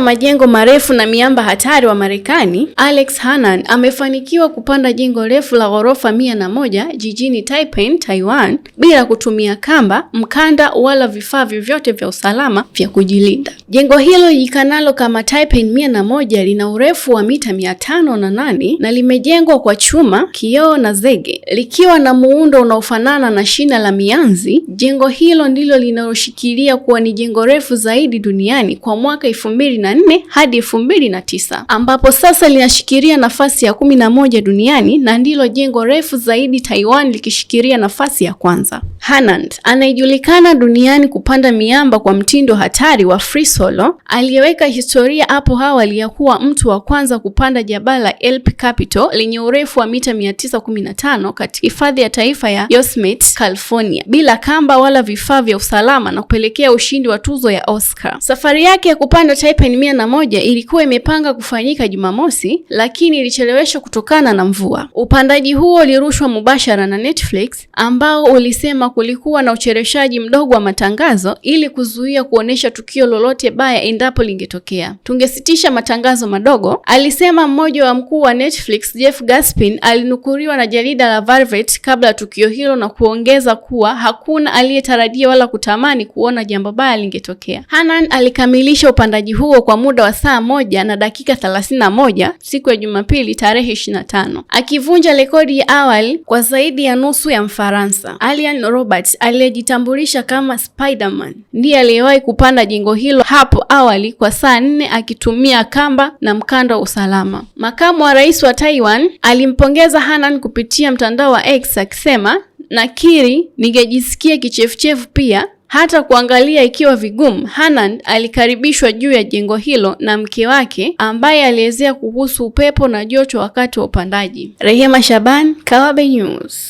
ya majengo marefu na miamba hatari wa Marekani, Alex Hanan amefanikiwa kupanda jengo refu la ghorofa mia na moja jijini Taipei, Taiwan bila kutumia kamba, mkanda wala vifaa vyovyote vya usalama vya kujilinda. Jengo hilo lijikanalo kama Taipei mia na moja lina urefu wa mita mia tano na nane na limejengwa kwa chuma, kioo na zege, likiwa na muundo unaofanana na shina la mianzi. Jengo hilo ndilo linaloshikilia kuwa ni jengo refu zaidi duniani kwa mwaka elfu mbili na na hadi 2009 ambapo sasa linashikilia nafasi ya 11 duniani na ndilo jengo refu zaidi Taiwan likishikilia nafasi ya kwanza hanand anayejulikana duniani kupanda miamba kwa mtindo hatari wa free solo, aliyeweka historia hapo awali ya kuwa mtu wa kwanza kupanda jabala la Elp Capital lenye urefu wa mita 915 katika hifadhi ya taifa ya Yosemite, California, bila kamba wala vifaa vya usalama na kupelekea ushindi wa tuzo ya Oscar. Safari yake ya kupanda Taipan mia moja ilikuwa imepanga kufanyika Jumamosi, lakini ilicheleweshwa kutokana na mvua. Upandaji huo ulirushwa mubashara na Netflix ambao ulisema kulikuwa na uchereshaji mdogo wa matangazo ili kuzuia kuonesha tukio lolote baya endapo lingetokea. Tungesitisha matangazo madogo, alisema. Mmoja wa mkuu wa Netflix Jeff Gaspin alinukuriwa na jarida la Variety kabla ya tukio hilo na kuongeza kuwa hakuna aliyetarajia wala kutamani kuona jambo baya lingetokea. Hanan alikamilisha upandaji huo kwa muda wa saa moja na dakika 31 siku ya Jumapili tarehe 25, akivunja rekodi ya awali kwa zaidi ya nusu ya Mfaransa. Alian Roberts aliyejitambulisha kama Spiderman ndiye aliyewahi kupanda jengo hilo hapo awali kwa saa nne akitumia kamba na mkanda wa usalama. Makamu wa rais wa Taiwan alimpongeza Hanan kupitia mtandao wa X akisema, nakiri ningejisikia kichefuchefu pia hata kuangalia ikiwa vigumu. Hanan alikaribishwa juu ya jengo hilo na mke wake ambaye alielezea kuhusu upepo na joto wakati wa upandaji. Rehema Shaban, Kawabe News.